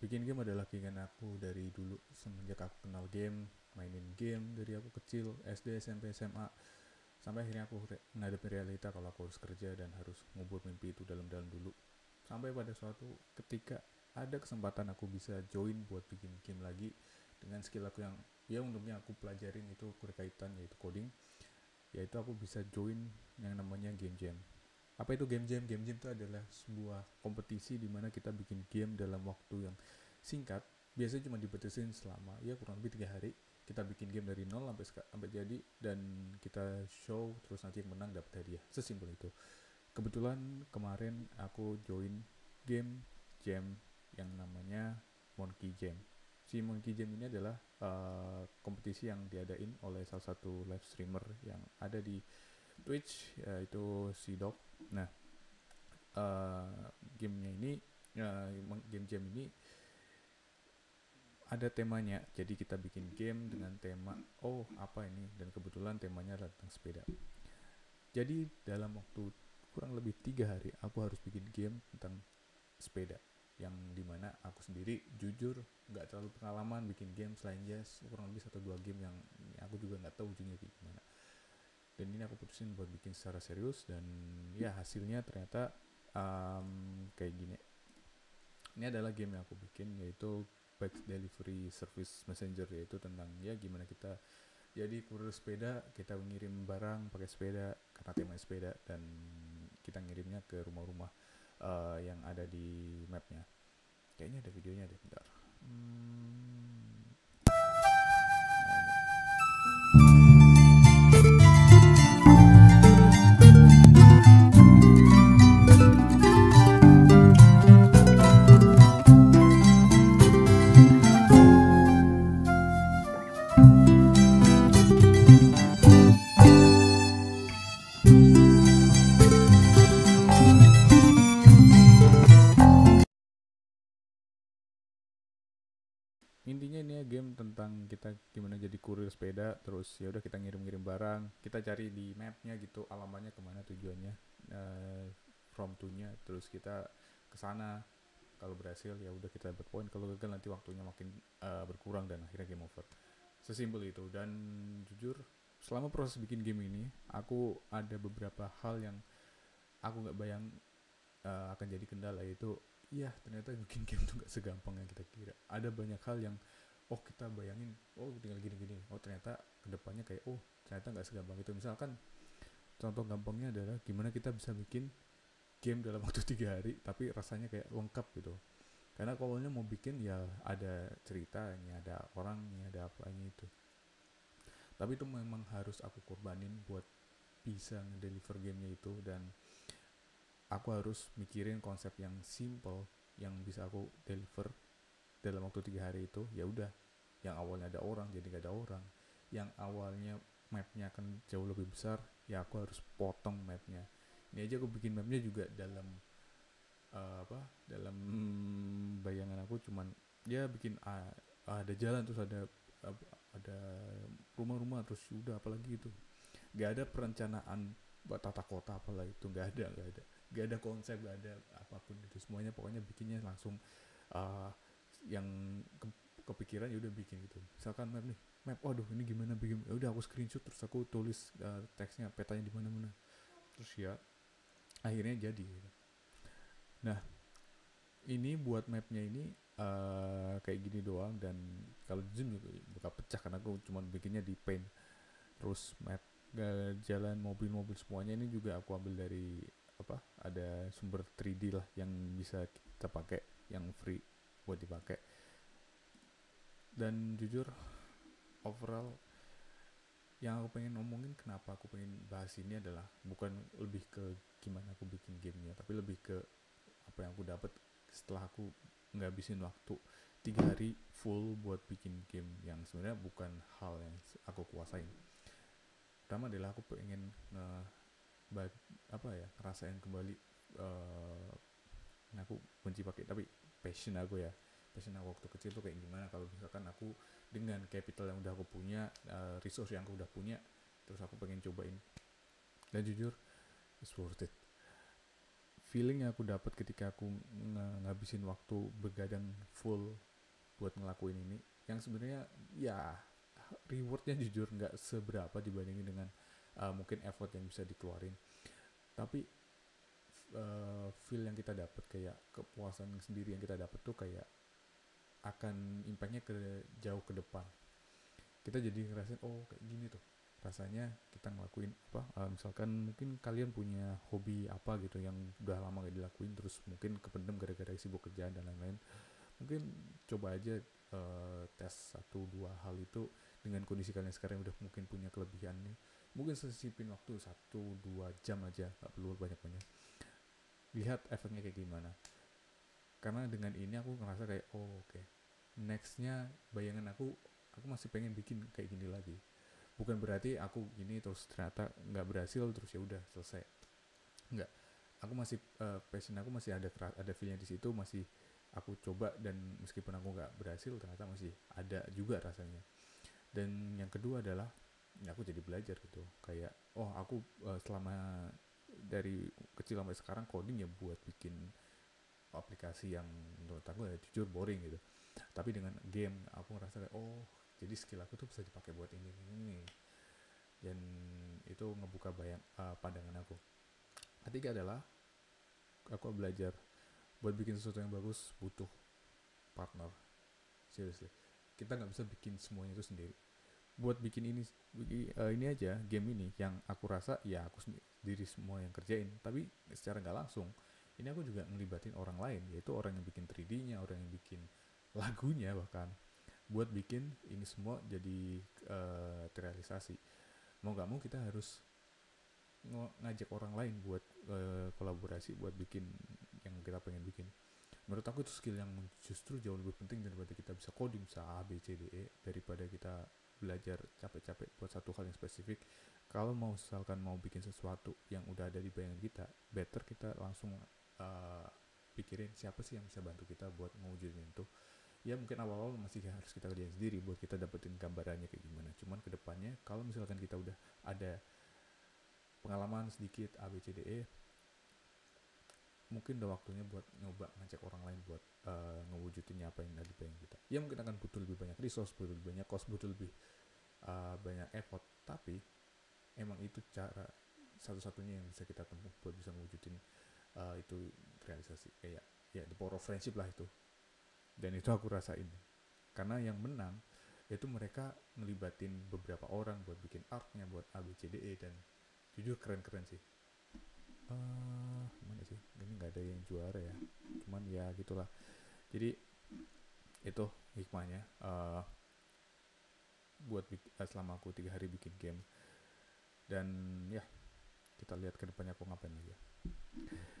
Bikin game adalah keinginan aku dari dulu semenjak aku kenal game, mainin game dari aku kecil, SD, SMP, SMA. Sampai akhirnya aku re menghadapi realita kalau aku harus kerja dan harus ngubur mimpi itu dalam-dalam dulu. Sampai pada suatu ketika ada kesempatan aku bisa join buat bikin game lagi dengan skill aku yang ya untungnya aku pelajarin itu berkaitan yaitu coding yaitu aku bisa join yang namanya game jam apa itu game jam game jam itu adalah sebuah kompetisi di mana kita bikin game dalam waktu yang singkat biasanya cuma dibatasin selama ya kurang lebih tiga hari kita bikin game dari nol sampai sampai jadi dan kita show terus nanti yang menang dapat hadiah sesimpel itu kebetulan kemarin aku join game jam yang namanya Monkey Jam si Monkey Jam ini adalah uh, kompetisi yang diadain oleh salah satu live streamer yang ada di Twitch yaitu si Dog. Nah, uh, gamenya ini uh, eh, game jam ini ada temanya. Jadi kita bikin game dengan tema oh apa ini dan kebetulan temanya adalah tentang sepeda. Jadi dalam waktu kurang lebih tiga hari aku harus bikin game tentang sepeda yang dimana aku sendiri jujur nggak terlalu pengalaman bikin game selain jazz ya, kurang lebih satu dua game yang aku juga nggak tahu ujungnya kayak gimana dan ini aku putusin buat bikin secara serius dan ya hasilnya ternyata um, kayak gini ini adalah game yang aku bikin yaitu Back Delivery Service Messenger yaitu tentang ya gimana kita jadi kurir sepeda kita mengirim barang pakai sepeda karena tema sepeda dan kita ngirimnya ke rumah-rumah uh, yang ada di mapnya kayaknya ada videonya deh bentar hmm, game tentang kita gimana jadi kurir sepeda terus ya udah kita ngirim-ngirim barang kita cari di mapnya gitu alamannya kemana tujuannya uh, from to nya terus kita ke sana kalau berhasil ya udah kita dapat poin kalau gagal nanti waktunya makin uh, berkurang dan akhirnya game over sesimpel itu dan jujur selama proses bikin game ini aku ada beberapa hal yang aku nggak bayang uh, akan jadi kendala yaitu iya ternyata bikin game tuh gak segampang yang kita kira ada banyak hal yang oh kita bayangin oh tinggal gini-gini oh ternyata kedepannya kayak oh ternyata nggak segampang itu misalkan contoh gampangnya adalah gimana kita bisa bikin game dalam waktu tiga hari tapi rasanya kayak lengkap gitu karena kalau mau bikin ya ada ceritanya ada orangnya ada apa apanya itu tapi itu memang harus aku korbanin buat bisa ngedeliver gamenya itu dan aku harus mikirin konsep yang simple yang bisa aku deliver dalam waktu tiga hari itu ya udah yang awalnya ada orang jadi nggak ada orang yang awalnya mapnya akan jauh lebih besar ya aku harus potong mapnya ini aja aku bikin mapnya juga dalam uh, apa dalam bayangan aku cuman dia ya bikin uh, ada jalan terus ada uh, ada rumah-rumah terus ya udah apalagi itu nggak ada perencanaan tata kota apalah itu nggak ada nggak ada nggak ada konsep nggak ada apapun itu semuanya pokoknya bikinnya langsung uh, yang ke, kepikiran ya udah bikin gitu misalkan map nih map waduh ini gimana bikin ya udah aku screenshot terus aku tulis uh, teksnya petanya di mana mana terus ya akhirnya jadi gitu. nah ini buat mapnya ini uh, kayak gini doang dan kalau zoom juga buka pecah karena aku cuma bikinnya di paint terus map uh, jalan mobil-mobil semuanya ini juga aku ambil dari apa ada sumber 3D lah yang bisa kita pakai yang free buat dipakai dan jujur overall yang aku pengen ngomongin kenapa aku pengen bahas ini adalah bukan lebih ke gimana aku bikin gamenya tapi lebih ke apa yang aku dapat setelah aku ngabisin waktu tiga hari full buat bikin game yang sebenarnya bukan hal yang aku kuasain pertama adalah aku pengen nge eh, apa ya rasain kembali uh, aku benci pakai tapi passion aku ya passion aku waktu kecil tuh kayak gimana kalau misalkan aku dengan capital yang udah aku punya uh, resource yang aku udah punya terus aku pengen cobain dan jujur it's worth it feeling yang aku dapat ketika aku ng ngabisin waktu begadang full buat ngelakuin ini yang sebenarnya ya rewardnya jujur nggak seberapa dibandingin dengan uh, mungkin effort yang bisa dikeluarin tapi uh, feel yang kita dapat kayak kepuasan sendiri yang kita dapat tuh kayak akan impactnya ke jauh ke depan kita jadi ngerasain oh kayak gini tuh rasanya kita ngelakuin apa uh, misalkan mungkin kalian punya hobi apa gitu yang udah lama gak dilakuin terus mungkin kependem gara-gara sibuk kerjaan dan lain-lain mungkin coba aja uh, tes satu dua hal itu dengan kondisi kalian sekarang udah mungkin punya kelebihan nih mungkin sesipin waktu satu dua jam aja nggak perlu banyak-banyak lihat efeknya kayak gimana karena dengan ini aku ngerasa kayak oh oke okay. nextnya bayangan aku aku masih pengen bikin kayak gini lagi bukan berarti aku gini terus ternyata nggak berhasil terus ya udah selesai nggak aku masih uh, passion aku masih ada ada feelnya di situ masih aku coba dan meskipun aku nggak berhasil ternyata masih ada juga rasanya dan yang kedua adalah ya aku jadi belajar gitu kayak oh aku uh, selama dari kecil sampai sekarang coding ya buat bikin aplikasi yang menurut aku ya jujur boring gitu tapi dengan game aku ngerasa kayak oh jadi skill aku tuh bisa dipakai buat ini ini, ini. dan itu ngebuka bayang uh, eh, pandangan aku ketiga adalah aku belajar buat bikin sesuatu yang bagus butuh partner seriously kita nggak bisa bikin semuanya itu sendiri buat bikin ini uh, ini aja game ini yang aku rasa ya aku sendiri diri semua yang kerjain tapi secara nggak langsung ini aku juga ngelibatin orang lain yaitu orang yang bikin 3D-nya orang yang bikin lagunya bahkan buat bikin ini semua jadi uh, terrealisasi mau nggak mau kita harus ng ngajak orang lain buat uh, kolaborasi buat bikin yang kita pengen bikin menurut aku itu skill yang justru jauh lebih penting daripada kita bisa coding bisa A B C D E daripada kita belajar capek-capek buat satu hal yang spesifik kalau mau misalkan mau bikin sesuatu yang udah ada di bayangan kita better kita langsung uh, pikirin siapa sih yang bisa bantu kita buat mewujudin itu ya mungkin awal-awal masih harus kita kerjain sendiri buat kita dapetin gambarannya kayak gimana cuman kedepannya kalau misalkan kita udah ada pengalaman sedikit ABCDE mungkin udah waktunya buat nyoba ngajak orang lain buat uh, eh, ngewujudinnya apa yang lagi pengen kita ya mungkin akan butuh lebih banyak resource butuh lebih banyak cost butuh lebih uh, banyak effort tapi emang itu cara satu-satunya yang bisa kita tempuh buat bisa mewujudin uh, eh, itu realisasi kayak ya the power of friendship lah itu dan itu aku rasain karena yang menang itu mereka ngelibatin beberapa orang buat bikin artnya buat ABCDE dan jujur keren-keren sih uh, nggak ada yang juara ya cuman ya gitulah jadi itu hikmahnya uh, buat eh, selama aku tiga hari bikin game dan ya kita lihat kedepannya aku ngapain lagi ya.